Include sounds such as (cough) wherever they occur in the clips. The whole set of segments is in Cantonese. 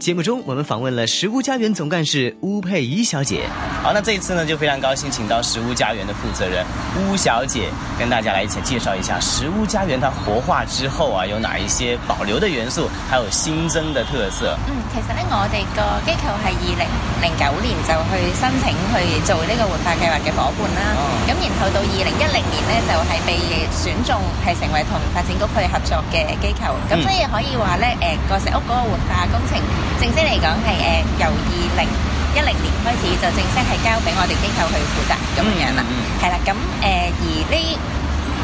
節目中，我們訪問了石屋家園總幹事鄔佩儀小姐。好，那這一次呢，就非常高興請到石屋家園的負責人鄔小姐，跟大家來一起介紹一下石屋家園它活化之後啊，有哪一些保留的元素，還有新增的特色。嗯，其實呢，我哋個機構係二零零九年就去申請去做呢個活化計劃嘅伙伴啦。咁、哦、然後到二零一零年呢，就係、是、被選中係成為同發展局配合作嘅機構。咁所以可以話咧，誒、嗯、個、呃、石屋嗰個活化工程。正式嚟講係誒由二零一零年開始就正式係交俾我哋機構去負責咁嘅、嗯、樣啦，係啦，咁誒而呢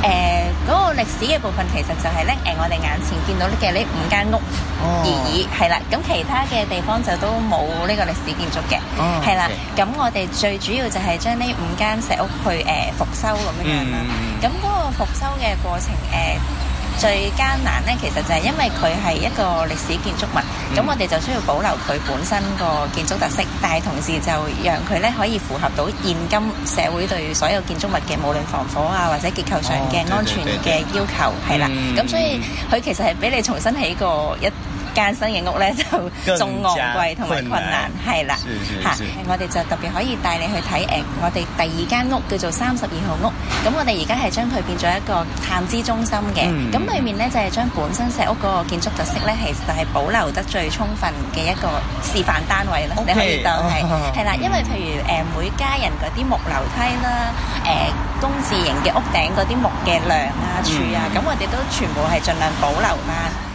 誒嗰個歷史嘅部分其實就係咧誒我哋眼前見到嘅呢五間屋而已係啦，咁、哦、其他嘅地方就都冇呢個歷史建築嘅係啦，咁、哦 okay. 我哋最主要就係將呢五間石屋去誒復修咁樣啦，咁、嗯、嗰個復修嘅過程誒。呃最艱難咧，其實就係因為佢係一個歷史建築物，咁、嗯、我哋就需要保留佢本身個建築特色，但係同時就讓佢咧可以符合到現今社會對所有建築物嘅無論防火啊或者結構上嘅安全嘅要求，係、哦、啦，咁、嗯、所以佢其實係俾你重新起過一間新嘅屋咧就仲昂貴同埋困難，係啦是是是、啊、我哋就特別可以帶你去睇誒、呃，我哋第二間屋叫做三十二號屋。咁我哋而家係將佢變咗一個探知中心嘅，咁、嗯、裏面咧就係、是、將本身石屋嗰個建築特色咧，其實係保留得最充分嘅一個示範單位啦、okay。你可以當係係、嗯、啦，因為譬如、呃、每家人嗰啲木樓梯啦、呃、公工字型嘅屋頂嗰啲木嘅梁啊、嗯、柱啊，咁我哋都全部係盡量保留啦。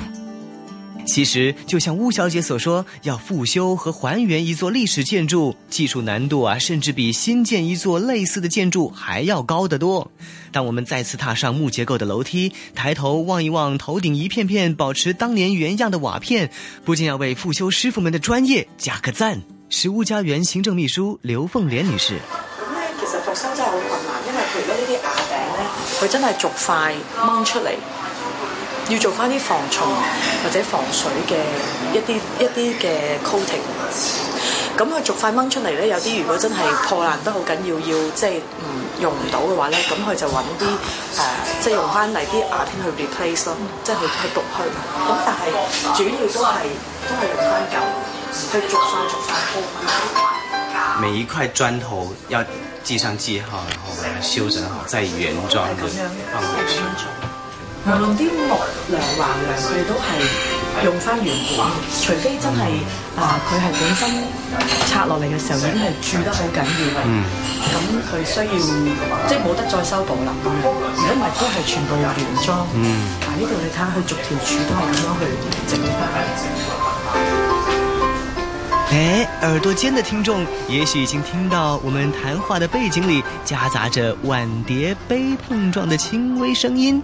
其實，就像巫小姐所說，要復修和還原一座歷史建築，技術難度啊，甚至比新建一座類似的建築還要高得多。當我們再次踏上木結構的樓梯，抬頭望一望頭頂一片片保持當年原樣的瓦片，不禁要為復修師傅們的專業加個讚。是石屋家園行政秘書劉鳳蓮女士。其實復修真係好困難，因為佢嗰呢啲瓦頂咧，佢真係逐塊掹出嚟。要做翻啲防蟲或者防水嘅一啲一啲嘅 coating，咁佢逐塊掹出嚟咧，有啲如果真係破爛得好緊要，要即係唔、嗯、用唔到嘅話咧，咁佢就揾啲誒即係用翻嚟啲瓦片去 replace 咯，即係去去焗去。咁但係主要都係都係用翻舊，去逐塊逐塊鋪。每一塊磚頭要記上記號，然後修整好，即再原裝放無論啲木梁橫梁，佢哋都係用翻原本，除非真係、嗯、啊，佢係本身拆落嚟嘅時候已經係住得好緊要嘅，咁、嗯、佢、嗯嗯、需要即係冇得再修補啦。咁、嗯、樣，如果唔係都係全部有原裝。嗯。嗱、啊，呢度你睇下佢逐條柱都係咁樣去整。誒，耳朵尖嘅聽眾，也許已經聽到我們談話嘅背景裡，夾雜着碗碟杯碰撞嘅輕微聲音。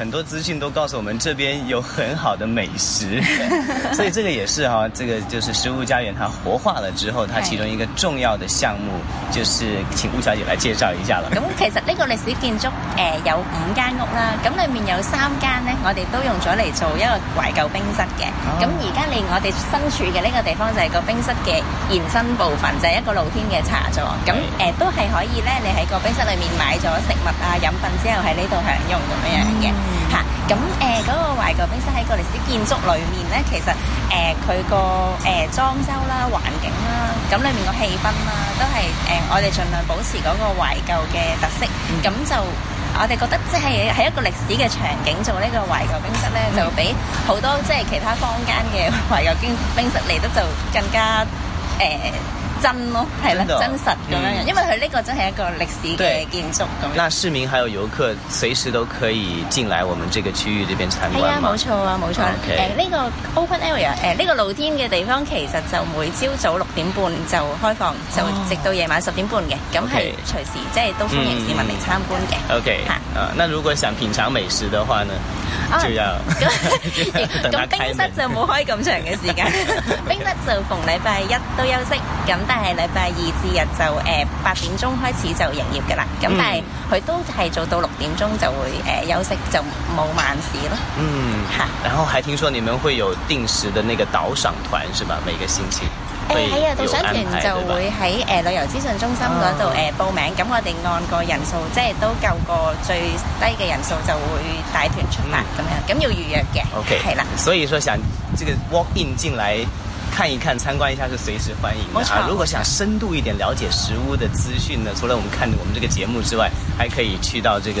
很多資訊都告訴我們這邊有很好的美食，所以這個也是哈，這個就是石屋家園，它活化了之後，它其中一個重要的項目就是請吳小姐來介紹一下啦。咁其實呢個歷史建築誒、呃、有五間屋啦，咁裏面有三間呢，我哋都用咗嚟做一個懷舊冰室嘅。咁而家你我哋身處嘅呢個地方就係個冰室嘅延伸部分，就係、是、一個露天嘅茶座。咁誒、呃、都係可以咧，你喺個冰室裏面買咗食物啊飲品之後喺呢度享用咁樣樣嘅。嗯吓咁誒，嗰、呃那個懷舊冰室喺個歷史建築裏面咧，其實誒，佢個誒裝修啦、環、呃、境啦，咁裏面個氣氛啦、啊，都係誒、呃，我哋盡量保持嗰個懷舊嘅特色。咁、嗯、就我哋覺得即係喺一個歷史嘅場景做個懷呢個懷舊冰室咧，就比好多即係、就是、其他坊間嘅懷舊冰冰室嚟得就更加誒。呃真咯、哦，係啦，真實咁樣樣，因為佢呢個真係一個歷史嘅建築咁。那市民還有遊客隨時都可以進來我們這個區域呢邊參觀，係啊，冇錯啊，冇錯。誒，呢、okay. 呃這個 open area，誒、呃、呢、這個露天嘅地方其實就每朝早六點半就開放，就直到夜晚十點半嘅，咁、oh. 係隨時即係都歡迎市民嚟參觀嘅。OK，啊，那如果想品嘗美食的話呢，啊、就要咁、啊、 (laughs) (laughs) 冰室就冇開咁長嘅時間， (laughs) 冰室就逢禮拜一都休息，咁但係禮拜二至日就誒八、呃、點鐘開始就營業噶啦，咁但係佢都係做到六點鐘就會誒、呃、休息就冇晚市囉。嗯，吓、啊，然後還聽說你們會有定時的那個導賞團是吧？每個星期。係啊，導賞團就會喺誒旅遊資訊中心嗰度誒報名，咁、嗯、我哋按個人數，即係都夠個最低嘅人數就會帶團出發咁、嗯、樣，咁要預約嘅。O K，係啦。所以說，想這個 walk in 進來看一看，參觀一下，是隨時歡迎的，啊。如果想深度一點了解石屋的資訊呢？除了我們看我們這個節目之外，還可以去到這個。